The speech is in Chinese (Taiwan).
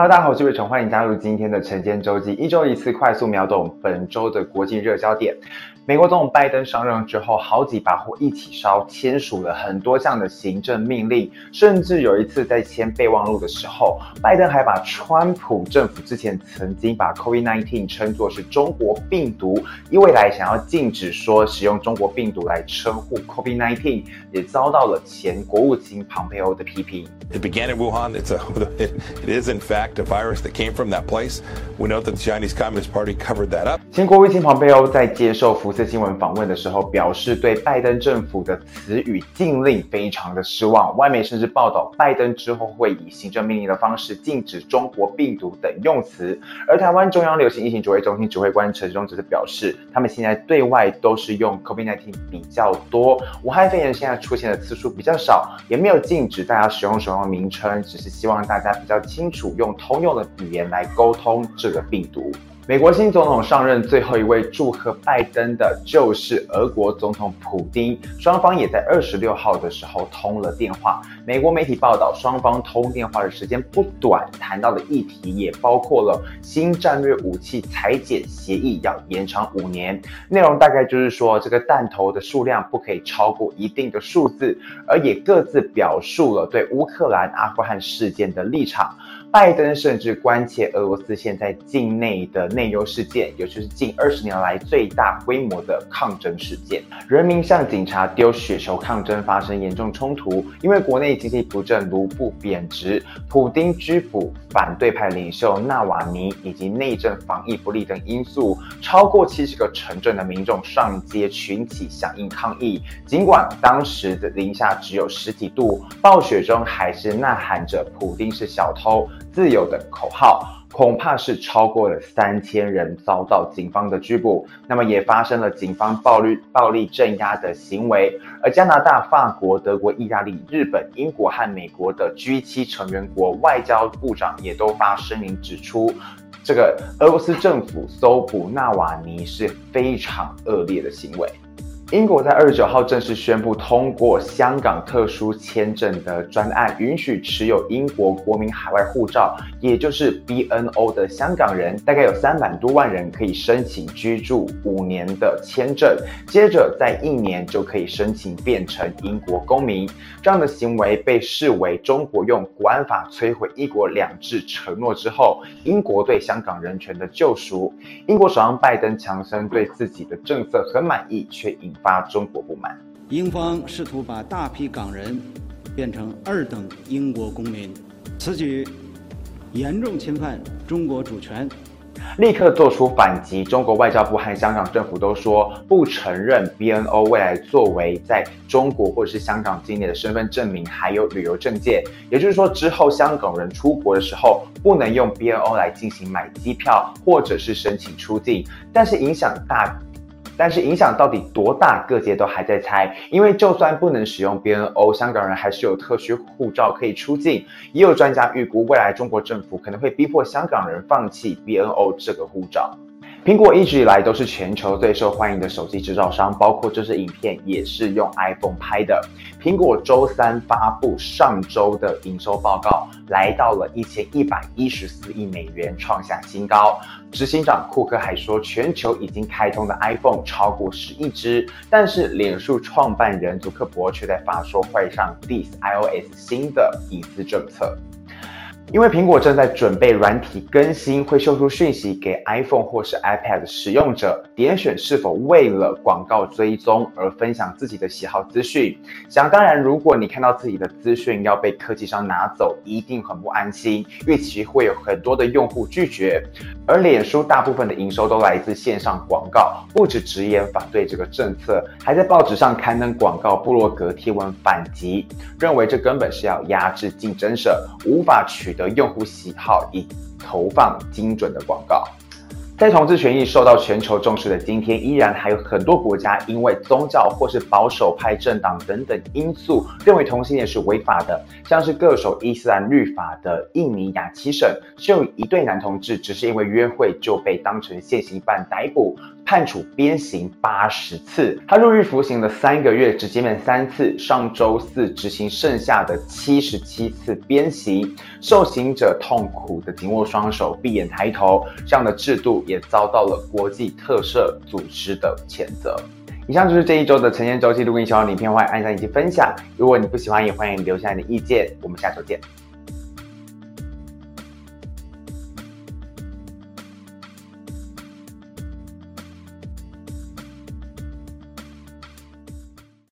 Hello 大家好，我是魏晨，歡迎加入今天的晨間週記，一周一次，快速秒懂本周的國際熱焦點。美國總統拜登上任之後，好幾把火一起燒，簽署了很多項的行政命令，甚至有一次在簽備忘錄的時候，拜登還把川普政府之前曾經把 COVID-19 稱作是中國病毒，未來想要禁止說使用中國病毒來稱呼 COVID-19，也遭到了前國務卿龐佩歐的批評。It began in Wuhan. It's a. It, it is in fact. The virus that came from that place。We know that the Chinese Communist Party covered that up。前國務卿蓬佩奧在接受福斯新聞訪問的時候表示，對拜登政府的詞語禁令非常的失望。外媒甚至報道，拜登之後會以行政命令的方式禁止“中國病毒”等用詞。而台灣中央流行疫情指揮中心指揮官陳時中則是表示，他們現在對外都是用 “COVID-19” 比較多，武漢肺炎現在出現的次數比較少，也沒有禁止大家使用什麼名稱，只是希望大家比較清楚用，通用的語言來溝通這個病毒。美國新總統上任，最後一位祝賀拜登的就是俄國總統普丁。雙方也在二十六號的時候通了電話。美國媒體報道，雙方通電話的時間不短，談到的議題也包括了新戰略武器裁減協議要延長五年。內容大概就是說，這個彈頭的數量不可以超過一定的數字，而也各自表述了對烏克蘭、阿富汗事件的立場。拜登甚至關切俄羅斯現在境內的內憂事件，尤其是近二十年來最大規模的抗爭事件。人民向警察丟雪球抗爭，發生嚴重衝突。因為國內經濟不振、盧布貶值、普丁拘捕、反對派領袖納瓦尼以及內政防疫不力等因素，超過七十個城鎮的民眾上街群起響應抗議。儘管當時的零下只有十幾度，暴雪中還是吶喊着“普丁是小偷”。自由的口號，恐怕是超過了三千人遭到警方的拘捕。那麼也發生了警方暴力暴力鎮壓的行為。而加拿大、法國、德國、意大利、日本、英國和美國的 G7 成員國外交部長也都發聲明指出，這個俄羅斯政府搜捕納瓦尼是非常惡劣的行為。英國在二十九號正式宣布通過香港特殊簽證的專案，允許持有英國國民海外護照，也就是 BNO 的香港人，大概有三百多萬人可以申請居住五年的簽證，接着在一年就可以申請變成英國公民。這樣的行為被視為中國用國安法摧毀“一國兩制”承諾之後，英國對香港人權的救贖。英國首相拜登·強森對自己的政策很滿意，卻引發中國不滿，英方試圖把大批港人變成二等英國公民，此舉嚴重侵犯中國主權，立刻做出反擊，中國外交部和香港政府都說不承認 BNO 未來作為在中國或者是香港境內的身份證明，還有旅遊證件。也就是說，之後香港人出國的時候不能用 BNO 來進行買機票或者是申請出境，但是影響大。但是影響到底多大，各界都還在猜。因為就算不能使用 BNO，香港人還是有特區護照可以出境。也有專家預估，未來中國政府可能會逼迫香港人放棄 BNO 這個護照。蘋果一直以來都是全球最受歡迎的手機製造商，包括這支影片也是用 iPhone 拍的。蘋果周三發布上周的營收報告，來到了一千一百一十四億美元，創下新高。執行長庫克還說，全球已經開通的 iPhone 超過十億支。但是，臉書創辦人祖克伯卻在發說會上 diss iOS 新的隱私政策。因為蘋果正在準備軟體更新，會秀出訊息給 iPhone 或是 iPad 使用者，點選是否為了廣告追蹤而分享自己的喜好資訊。想當然，如果你看到自己的資訊要被科技商拿走，一定很不安心。預期會有很多的用戶拒絕。而臉書大部分的營收都來自線上廣告，不只直言反對這個政策，還在報紙上刊登廣告部落格貼文反擊，認為這根本是要壓制競爭者，無法取得。的用戶喜好，以投放精準的廣告。在同志權益受到全球重視的今天，依然還有很多國家因為宗教或是保守派政黨等等因素，認為同性戀是違法的。像是恪守伊斯蘭律法的印尼亞齊省，就有一對男同志只是因為約會就被當成現行犯逮捕。判處鞭刑八十次，他入獄服刑了三個月，只減免三次。上週四執行剩下的七十七次鞭刑，受刑者痛苦地緊握雙手，閉眼抬頭。這樣的制度也遭到了國際特赦組織的譴責。以上就是這一周的辰間週記，如果你喜歡影片，歡迎按讚以及分享。如果你不喜歡，也歡迎留下你的意見。我們下週見。